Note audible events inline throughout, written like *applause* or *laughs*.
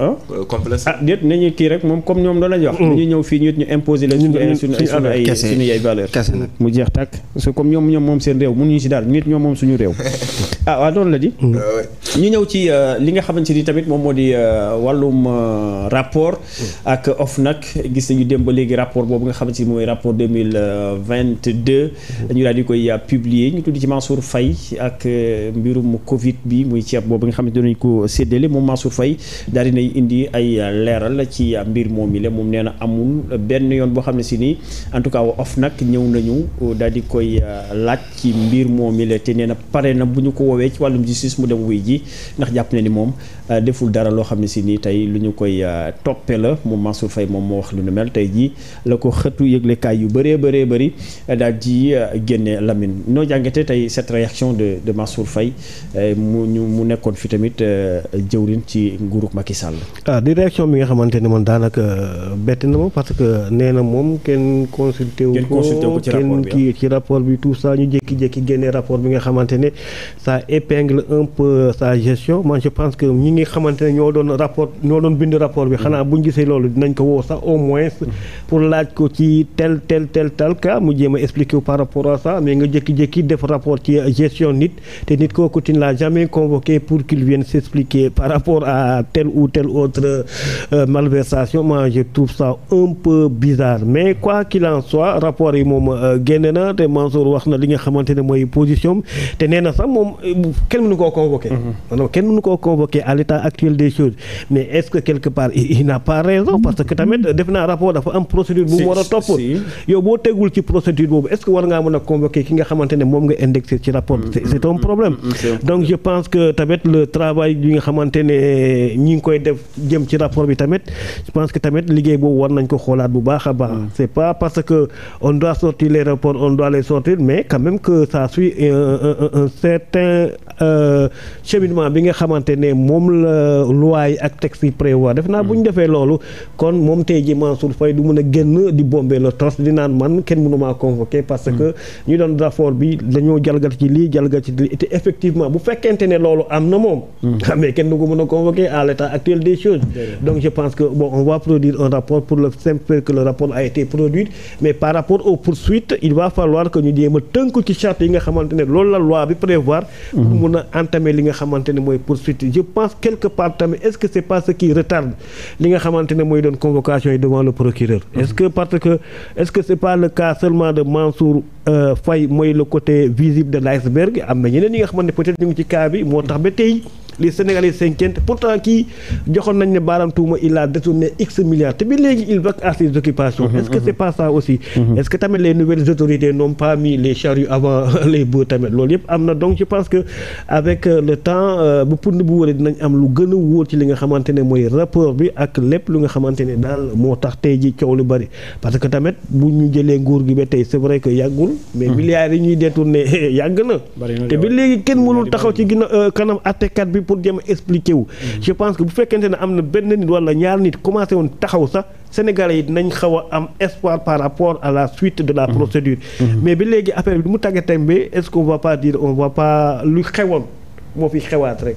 Euh, complexe ah déet nañu kii rek moom comme ñoom loolu la ñuy wax. Mm. ñu ñëw fii ñu imposer la suñu ay suñu ay suñu ay valeur mu jeex tàkk parce que comme ñoom ñoom moom seen réew mënuñu si daal nit ñoom moom suñu réew. *laughs* ah waaw loolu la di. Mm. Ah, ñu ñëw ci euh, li nga xamante ni tamit moom moo di euh, wàllum rapport. Mm. ak nag gis nañu dem léegi rapport boobu nga xamante ni mooy rapport deux mille vingt deux. Mm-hmm. ñu daal di koy publier ñu tudd ci Mansour Faye ak mbirum Covid bi muy ceeb boobu nga xamante ne ko séddale moom Mansour Faye dinay indi ay leeral ci mbir moom mi la moom nee na amul benn yoon boo xam ne si nii en tout cas of nag ñëw nañu daal di koy euh, laaj ci mbir moom mi la te nee pare na bu ñu ko woowee ci wàllum justice mu dem wuy ji ndax jàpp na ni moom euh, deful dara loo xam ne si nii tey lu ñu koy euh, toppee la moom Mansour Faye moom moo wax lu nu mel tey jii la ko xëtu yëglekaay yu bëree bëree bëri daal di génne Lamine noo jàngate tey cette réaction de de Mansour Faye mu ñu mu nekkoon fi tamit jëwrin ci nguurug Sall. ah di réaction bi nga xamante ne man daanaka euh, bett na ma parce que nee na moom kenn consulté wu ko kenn kii ah. ci rapport bi tout ça ñu jékki-jékki génne rapport bi nga xamante ne épingle un peu euh, sa gestion man je pense que ñi ngi xamante ne ñoo doon rapport ñoo doon bind rapport bi xanaa buñ gisee loolu dinañ ko woo sax au moins mm. pour laaj ko ci tel tel tel tel cas mu jéem a expliqué par rapport à ça mais nga jékki-jékki def rapport ci euh, gestion nit te nit kooku tu pour qu'il vienne s'expliquer par rapport telle autre euh, malversation moi je trouve ça un peu bizarre mais quoi soit rapport yi moom euh, génne na te Mansour wax na li nga xamante ne mooy position te nee na sax moom euh, kenn mënu koo convoqué maanaam mm-hmm. kenn mënu koo convoqué à l'état actuel des choses mais est-ce que quelque part il n'a pas raison parce que tamit euh, def naa rapport dafa am procédure bu mu war a topp yow boo tegul ci procédure boobu est-ce que war ngaa mën a convoqué ki nga xamante ne moom def jëm ci rapport bi tamit je pense que tamit liggéey boobu war nañ ko xoolaat bu baax a baax. Mm. c'est pas parce que on doit sortir les rapports on doit les sortir mais quand même que ça suit un un certain euh, cheminement bi nga xamante ne moom la loi ak texte yi prévoir def naa mm. bu ñu defee loolu kon moom tey ji Mansour Faye du mun a génn di bomber le torse di naan man kenn mënu maa convoqué parce mm. que ñu doon rapport bi dañoo jalgati ci lii jalgati ci lii te effectivement bu fekkente ne loolu am na moom. *laughs* factuelle Donc je pense que bon, on va produire un rapport pour le simple que le rapport a été produit mais par rapport aux poursuites il va falloir que ñu jéem a ci charte yi nga xamante loolu la loi bi prévoir. pour mhm. mun a entamer li nga xamante mooy poursuite je pense quelque part tamit est-ce que c'est pas ce qui retarde li nga xamante mooy doon convocation yi devant le procureur. Mhm. est-ce que parce que est-ce que c'est pas le cas seulement de Mansour euh, les sénégalais s'inquiètent pourtant kii joxoon nañ ne baaraam tuuma il a détourné x milliards te bi léegi il va à ses mmh, est ce que mmh, c' est mmh. pas ça aussi. est ce que tamit les nouvelles autorités n'ont pas mis les charrues avant *laughs* les bœufs tamit loolu yëpp am na donc je pense que avec euh, le temps euh, bu pund bu wëree dinañ am lu gën a wóor ci li nga xamante ne mooy rapport bi ak lépp lu nga xamante ne daal moo tax tey ji coow lu bëri parce que tamit bu ñu jëlee nguur gi ba tey vrai que yàggul. mais milliards yi ñuy détourné *laughs* yàgg na. te bi léegi kenn taxaw ci ginnaaw euh, kanam àttekat pour jéem a expliquer wu. je pense que bu fekkente ne am na benn nit wala ñaar nit commencé woon taxaw sax sénégalais yi dinañ xaw a am espoir par rapport à la suite de la mmh. procédure. Mmh. mais bi léegi affaire bi mu tàggatam bi est-ce qu'on va pas dire on va pas lu xewoon moo fi xewaat rek.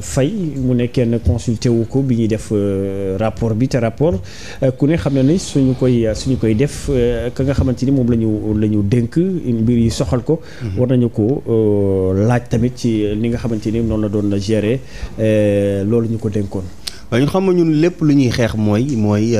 fay mu ne kenn consulté wu ko bi ñuy def euh, rapport bi te rapport euh, ku ne xam ne ni suñu koy suñu koy def euh, ka nga xamante ni moom la ñu la ñu mbir yi soxal ko. Mhm. war nañu ko laaj tamit ci ni nga xamante ni noonu la doon gérer loolu ñu ko dénkoon. waaye ñun xam nga ñun lépp lu ñuy xeex mooy mooy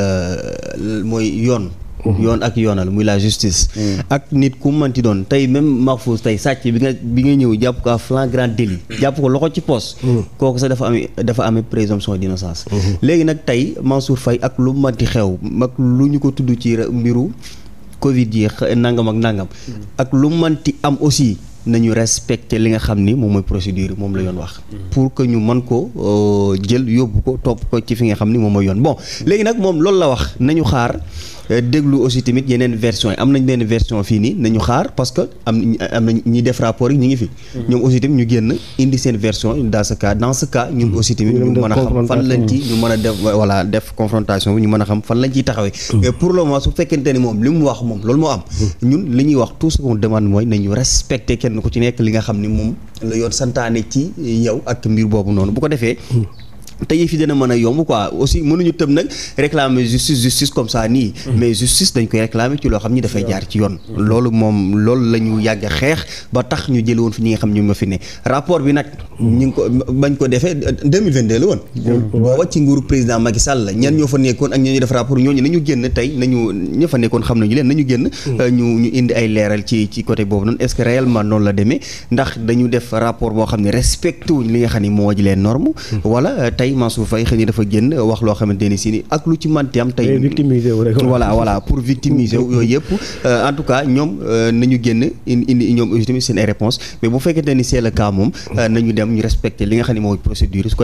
mooy yoon. Mm-hmm. yoon ak yoonal muy la justice mm. ak nit ku manti doon tey même Mahfouz tey sàcc bi nga bi nga ñëw jàpp ko à flagrant délit mm. jàpp ko loxo ci poos mm. kooku sax dafa amee dafa amee présomption d'innocence mm-hmm. léegi nag tey Mansour Faye ak lu manti xew mag lu ñu ko tudd ci mbiru covid yi nangam ak nangam ak lu manti am aussi nañu respecte li nga xam ni moom mooy procédure moom la yoon wax pour que ñu mën ko euh, jël yóbbu ko topp ko ci fi nga xam ni moom mooy yoon bon léegi nag moom loolu la wax nañu xaar Euh, déglu aussi tamit yeneen version yi am nañ benn version fii nii nañu xaar parce que am am nañ ñi def rapport yi ñu ngi fi. Mhm. ñoom aussi tamit ñu génn indi seen version dans ce cas dans ce cas ñun mhm. ñu mën a xam fan lañ ci ñu mën ñu mën a xam fan lañ ciy taxawee. mais mhm. pour le moment su fekkente ni moom li mu wax moom loolu moo am. ñun li ñuy wax tout ce qu'on demande mooy nañu respecter kenn ku ci nekk li nga xam ni moom la yoon santaane ci yow ak mbir boobu noonu bu ko defee. te yëf yi dina mën a yomb quoi aussi mënuñu tëb nag réclamer justice justice comme ça nii mm-hmm. mais justice dañ koy réclamer ci loo xam ni dafay jaar ci yoon mm-hmm. loolu moom loolu la ñu yàgg xeex ba tax ñu jël woon fi ñi nga xam ñu ma fi ne rapport bi nag mm-hmm. ñu ngi ko bañ ko defee 2022 euh, la woon booba ci nguuru président Macky Sall la ñan ñoo fa nekkoon ak ñoo ñu def rapport ñooñu nañu génn tey nañu ña fa nekkoon xam nañu leen nañu génn euh, ñu ñu indi ay leeral ci ci côté boobu noonu est-ce que réellement noonu la demee ndax dañu def rapport boo xam ne respecté wuñ li nga xam ne moo ji leen tey Mansour Faye xëy na dafa génn wax loo su ko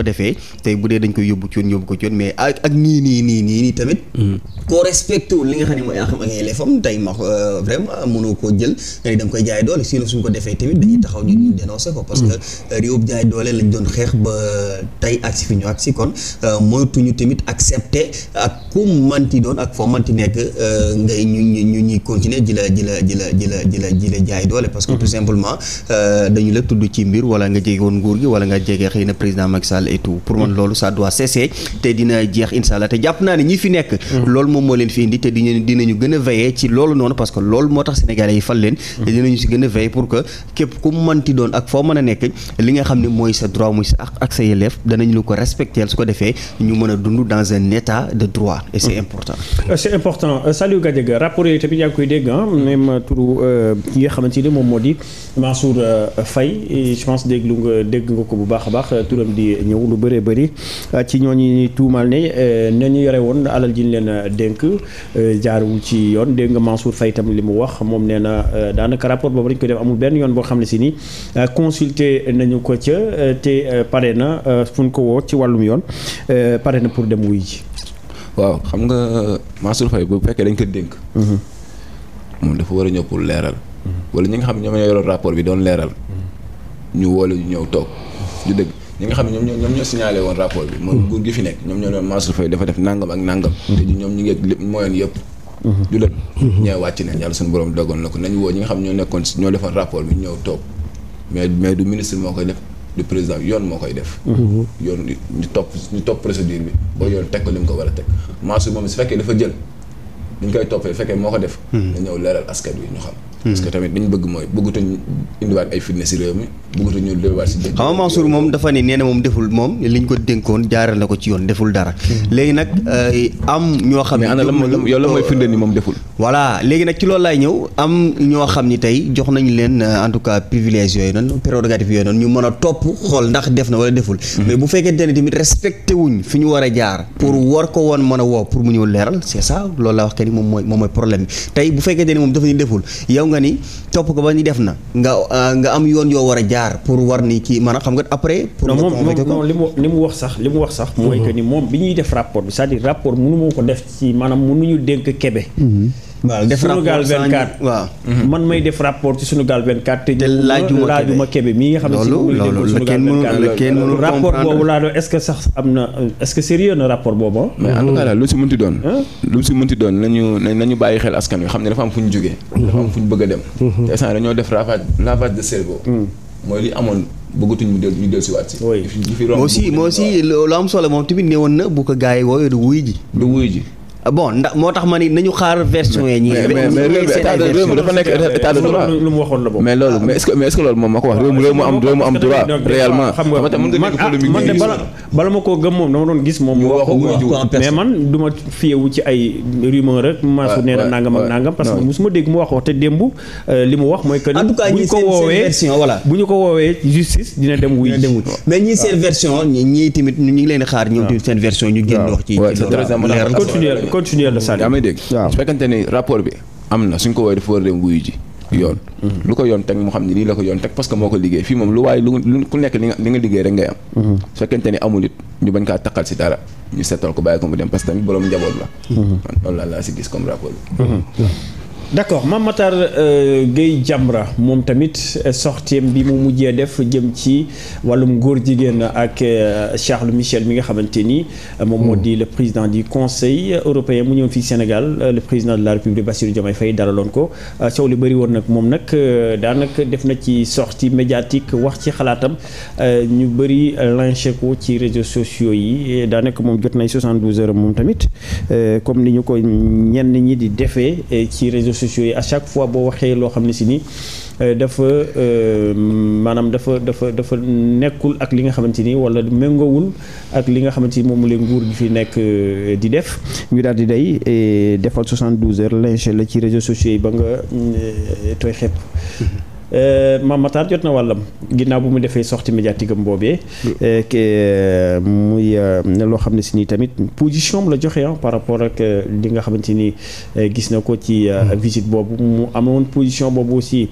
defee tey bu dee dañ koy yóbbu coon mais ak nii nii nii tamit mm. koo respecté li nga xam ne mooy ak yelleefam tey euh, jël nga ne koy jaay doole sinon suñ ko defee tamit dañuy taxaw ñu ñu dénoncé ko parce mm. que euh, réewum jaay doole lañ doon xeex ba tey ak si fi ñu si kon euh, moytuñu tamit accepter ak ku doon ak foo manti nekk euh, ngay ñu ñu ñuy continuer ji la ji ji la ji la ji la ji la que mm-hmm. tout simplement euh, la tudd ci mbir wala nga jege woon nguur gi na président Macky Sall et tout pour man mm-hmm. loolu ça doit cesser te dina jeex incha allah te jàpp naa ne ñi fi mm-hmm. moo leen fi indi te dina dinañu gën a veiller ci loolu noonu parce moo tax a veiller pour que képp ku manti doon ak foo mën a nekk li nga xam ne mooy sa droit muy sa ak sa yelleef danañ lu ko respecter respecteel su ko defee ñu mën a dund dans un état de droit et c'est mhm. important. Euh, c'est important euh, Saliou Gadiaga rapport yi tamit yaa ngi koy dégg ah même turu ki euh, nga xamante ni moom moo di Mansour Faye je pense déglu dégg nga ko bu baax a baax turam di ñëw lu bëree bëri ci ñooñu tuumal ne nañu yore woon alal ji ñu leen dénk jaarul ci yoon dégg nga Mansour Faye tam li mu wax moom nee na daanaka rapport boobu dañ koy def amul benn yoon boo xam ne si ni consulter nañu ko ca te pare na fu ko woo wàllum yoon euh, pare na pour dem wuy ji. waaw xam nga Mansour Faye bu fekkee dañ ko dénk. Mhm. moom dafa war a ñëw pour leeral. Mhm. wala ñi nga xam ne bi doon leeral. Mhm. ñu woole ñu ñëw toog. ñu dëgg ñi nga xam ne ñoom ñoo ñoom ñoo fi nekk ñoo doon Mansour Faye dafa def nangam ak nangam. te ñoom ñu ngi ak lépp moyen yëpp. du la ñee wàcc nañ yàlla suñu borom dogoon na ko nañ woo xam ñoo nekkoon ñoo defoon rapport bi ñëw toog mais mais du ministre moo koy def. du président yoon moo koy def. Mhm. yoon ñu topp ñu topp procédure bi ba yoon teg ko li mu ko war a teg Mansour moom su fekkee dafa jël ni ñu koy toppee fekkee moo ko def. Mhm. na ñëw leeral askan wi ñu xam. parce que hmm. tamit dañu bëgg mooy bëggatuñ indiwaat ay si réew mi xam nga Mansour moom dafa ne nee na moom deful moom liñ ko dénkoon jaaral na ko ci yoon deful dara hmm. léegi nag euh, am ñoo xam ni tey jox nañu leen euh, en tout cas privilège yooyu noonu prérogative yooyu noonu ñu mën a topp xool ndax def na wala deful hmm. mais bu fekkente ne tamit respecté fi ñu war a jaar pour war ko woon mën a woo pour mu ñëw leeral c'est ça loolu la wax ke moom mooy problème nga ni topp ko ba ni def na ah, nga am yoon yoo war a jaar pour war ni kii a xam nga après pour non moom li mu li mu wax sax li mu wax sax mooy mhm. que ni moom bi ñuy def rapport bi c'est-à-dire rapport mënu moo ko def ci maanaam mënuñu dénk Kébé mhm. waaw def rapport Sunugal 24 waaw. Mhm. man may def rapport ci Sunugal 24. te laajuma laajuma Kébé mii nga xam ne. loolu loolu la kenn mënul la kenn mënul rapport boobu laa doon est-ce que sax am na est-ce que sérieux na rapport boobu. mais en tout cas daal lu si mënti doon. lu si mënti doon nañu nañu bàyyi xel askan wi xam ne dafa am fu ñu jógee. dafa am fu ñu bëgg a dem. Mhm. te instant dañoo def lavage lavage de cerveau. Hmm. mooy li amoon. bëggatuñ mu del ñu del si waat si aussi aussi lu am solo moom tamit ne woon na bu ko gars yi wooyee du wuy ji du wuy ji bon ndax moo tax ma ni nañu xaar version yi ñi dafa nekk état de waxoon la boobu mais loolu mais est-ce que mais est-ce moom ma ko doon gis moom mais man du ma fiyewu ci ay rumeur rek maasu nee na nangam ak nangam parce que mosuma dégg euh, li mu wax mooy que en tout cas seen version bu ñu ko woowee justice dina seen version ñu ngi leen di xaar ñoom tamit seen version ñu génn wax continuer na sànni. yaa may dégg su fekkante ne rapport bi am na suñ ko woowee dafa war a dem wuyu ji yoon. Mm-hmm. lu ko yoon teg mu xam ne lii la ko yoon teg parce moo ko liggéey fii moom lu waaye lu ku nekk li nga li nga liggéey rek ngay am. Mm-hmm. su fekkente amul it ñu bañ kaa taqal si dara ñu seetal ko bàyyi ko mu dem parce que tamit njaboot la. Mm-hmm. loolu laa si gis comme rapport bi. d'accord Mame Matar euh, Gueye Jamra moom tamit euh, sortiem bi mu mujjee def jëm ci wàllum góor jigéen ak euh, Charles Michel mi nga xamante ni moom moo mm. di le président du conseil européen mu ñëw fii Sénégal le président de la République Bassirou Diomaye Faye dalaloon ko coow li bëri woon nag moom nag daanaka def na ci sortie médiatique wax ci xalaatam ñu bëri lynché ko ci réseaux sociaux yi daanaka moom jot nay 72 heures moom tamit comme ni ñu ko ñenn ñi di defee ci réseaux sociaux yi à chaque fois boo waxee loo xam ne si ni euh, dafa euh, maanaam dafa dafa dafa nekkul ak li nga xamante ni wala méngowul ak li nga xamante ni moom la nguur gi fi nekk euh, di def ñu daal di day defal 72 heures lynché la ci réseaux sociaux yi ba nga tooy xepp Euh, Mame Matar jot na wàllam ginnaaw bu mu defee sortie médiatique am boobee. Euh, euh, muy loo xam ne si nii tamit position mu la joxe ah, par rapport ak li nga xamante ni gis na ko ci mm-hmm. visite boobu mu amoon position boobu aussi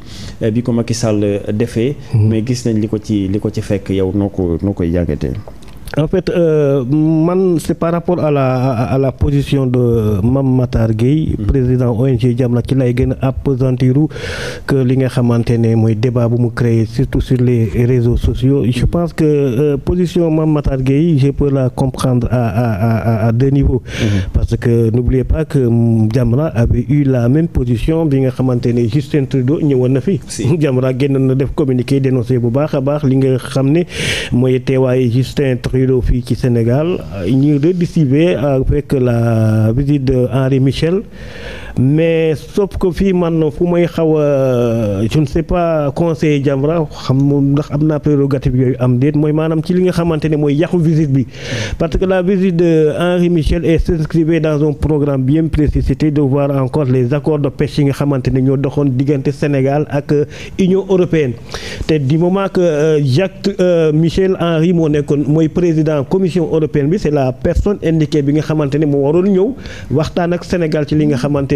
bi ko Macky Sall defee. Mm-hmm. mais gis nañ li ko ci li ko ci fekk yow noo ko noo koy jàngatee. en fait euh, man c'est par rapport à la à, à position de mam Matar Gueye mm-hmm. président ONG Jamra ki lay gën a appesantiru que li nga xamante ne mooy débat bu mu créé surtout sur les réseaux sociaux je mm-hmm. pense que euh, position Mame Matar Gueye je peux la comprendre à à à, deux niveaux mm-hmm. parce que n'oubliez pas que Jamra avait eu la même position bi nga xamante ne Justin Trudeau ñëwoon na fi *laughs* Jamra génn na def communiqué dénoncé bu baax a baax li nga xam ne mooy teewaayu réew fii ci Sénégal ñu redistribué euh, avec la visite de Henri Michel mais sauf que fii man fu may xaw a je ne sais pas conseiller Jamra xam moom ndax am naa prérogative yooyu am déet mooy maanaam ci li nga xamante ne mooy yàqu visite bi parce que la visite de Henri Michel est s'inscrivait dans un programme bien précis c'était de voir encore les accords diggante Sénégal ak euh, Union européenne te du moment que euh, Jacques euh, Michel Henri moo nekkoon mooy président commission européenne bi c'est la personne indiquée bi nga xamante ne moo waroon ñëw waxtaan ak Sénégal ci li nga xamante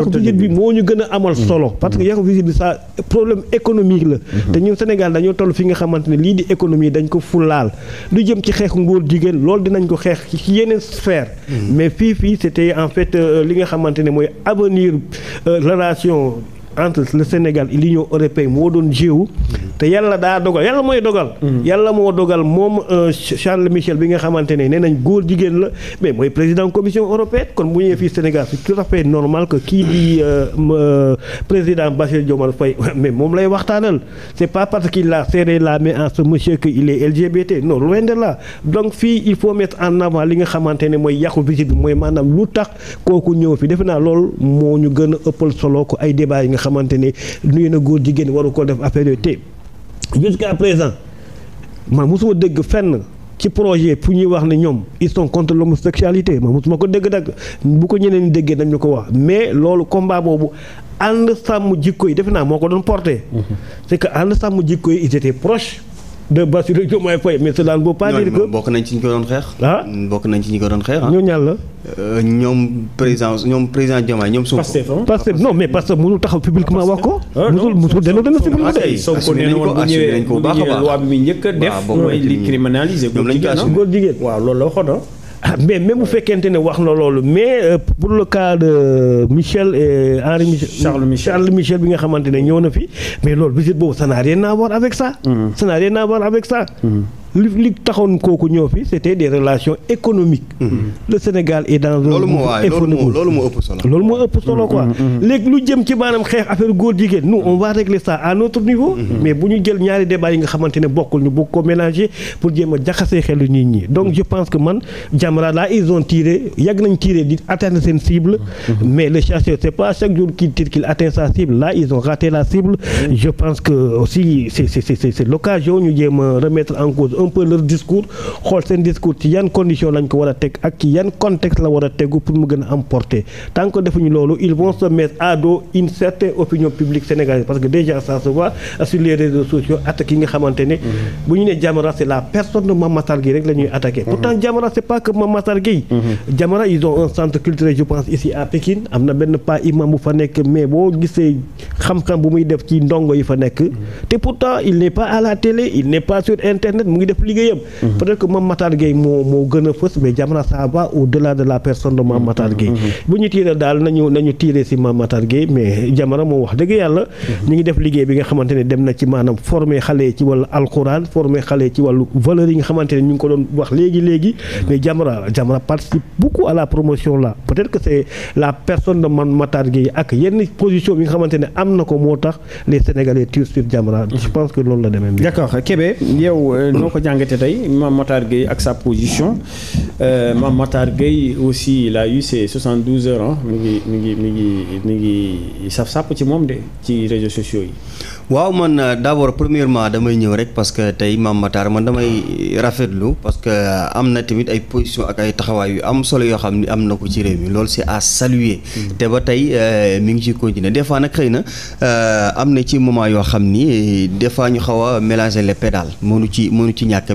yàqu visite moo ñu gën a amal mm. solo parce que yàqu visite bi ça problème économique la mm-hmm. te ñun Sénégal dañoo toll fi nga xamante lii di économie dañ ko fulaal lu jëm ci xeexu ngóor jigéen loolu dinañ ko xeex yeneen sphère mm-hmm. mais fii fii c'était en fait euh, li nga xamante ne mooy avenir euh, relation entre le Sénégal et l'Union européenne moo doon jéewu te yàlla daa dogal yàlla mooy dogal mm-hmm. yàlla moo dogal moom euh, Charles Michel bi nga xamante ne nee nañ góor jigéen la mais mooy président commission européenne kon bu ñëwee fii Sénégal c'est tout à fait normal que kii di euh, euh, président Bassirou Diomaye Faye *laughs* mais moom lay waxtaanal c'est pas parce qu'il a serré la main à ce monsieur que il est LGBT non loin de donc fii il faut mettre en avant li nga xamante ne mooy yàqu bi mooy maanaam lu tax kooku ñëw fi defe naa loolu moo ñu gën a ëppal solo ko ay débat yi xamante ni nuyu na góor jigéen waru ko def affaire yooyu te jusqu'à présent man mosuma dégg fenn ci projet pour ñuy wax ne ñoom ils sont contre l'homosexualité man mosuma ko dégg nag bu ko ñeneen ñi déggee nañu ko wax mais loolu combat boobu ànd sàmm jikko yi defe naa moo ko doon porté. Mm-hmm. c'est que ànd sàmm jikko yi ils étaient proches. de Bassirou Diomaye Faye mais cela ne veut pas dire que bokk nañ ci ñi ko doon xeex. bokk nañ ci ñi ko doon xeex ah. ah. ñoo la. Euh, ñoom président ñoom président Diomaye ñoom. Sonko Pastef Pastef mais Pastef mënul taxaw publiquement wax ko. Ah, musul musul delloo dana si bu dee. Sonko nee na woon bu ñëwee bu ñëwee loi bi muy njëkk def. waaw boobu mooy li criminalisé jigéen Ah, mais mais bu fekkente ne wax na loolu mais euh, pour le cas de Michel et Henri Michel. Charles Michel bi nga xamante ne ñëw na fi mais loolu visite boobu ça n'a rien à voir avec ça. Mm-hmm. ça n'a avec ça. Mm-hmm. li li taxoon kooku ñëw fi c'était des relations économiques. Mm-hmm. le loolu moo waay moo ëpp solo loolu moo ëpp solo quoi. Mm-hmm. Mm-hmm. lu jëm ci maanaam xeex affaire góor jigéen nous on va régler ça à notre niveau. mais bu ñu jël ñaari débat yi nga xamante ne bokkul ñu bëgg ko mélanger pour jéem a jaxasee xelu nit ñi donc je pense que man Jamra là ils ont tiré yàgg nañ tiré di atteindre seen cible. mais le chasseur c'est pas chaque jour qu'il tire qu'il atteint sa cible là ils ont pense que aussi c'est c'est c'est l'occasion ñu jéem a un peu leur discours xool seen discours ci yan condition lañ ko war a teg ak ci contexte la war a tegu pour mu gën a am portée tant que defuñu loolu ils vont se mettre à dos une certaine opinion publique sénégalaise parce que déjà ça se voit sur les réseaux sociaux attaques yi nga xamante ne mhm. bu ñu ne Jamra c'est la personne de Mame Matar rek la ñuy attaqué mhm. pourtant Jamra c'est pas que Mame Matar Gueye mhm. Jamra ils un centre culturel je pense ici à am na muy def ci ndongo yi fa nekk def liggéeyam. Mhm. peut-être que Mame Matar moo gën a fës mais Jamra ça va au de la personne de Mame Matar Gueye. Mhm. bu ñu tiiree daal nañu nañu si Mame Matar mais Jamra moom wax dëgg yàlla. Mhm. ñu ngi def liggéey bi nga xamante ne dem na ci maanaam former xale ci wàllu alxuraan former xale ci wàllu valeur yi nga xamante ne ñu ngi ko doon wax léegi léegi. mais Jamra Jamra participe beaucoup à la promotion là peut-être que c'est la personne de Mame Matar Gueye ak yenn position bi nga xamante ne am na moo tax les Sénégalais tirent sur Jamra je pense que loolu la demee. d'accord Kébé yow euh, jàngatee tey Mame Matar Gueye ak sa position euh, Mame Matar Gueye aussi la a eu ses 72 heures ah mi ngi mi ngi mi ngi mi ngi saf sàpp ci moom de ci réseaux sociaux yi. waaw man euh, d' abord premièrement damay ñëw rek parce que tey Mame Matar man damay rafetlu parce que euh, am na tamit ay position ak ay taxawaay yu am solo yoo xam ni am na ko ci réew mi loolu c'est à saluer. Mm-hmm. te ba tey euh, mi ngi ci continuer des fois nag xëy na am na ci moment yoo xam ni des fois ñu xaw a mélanger les pédales mënu ci mënu ci ñàkk.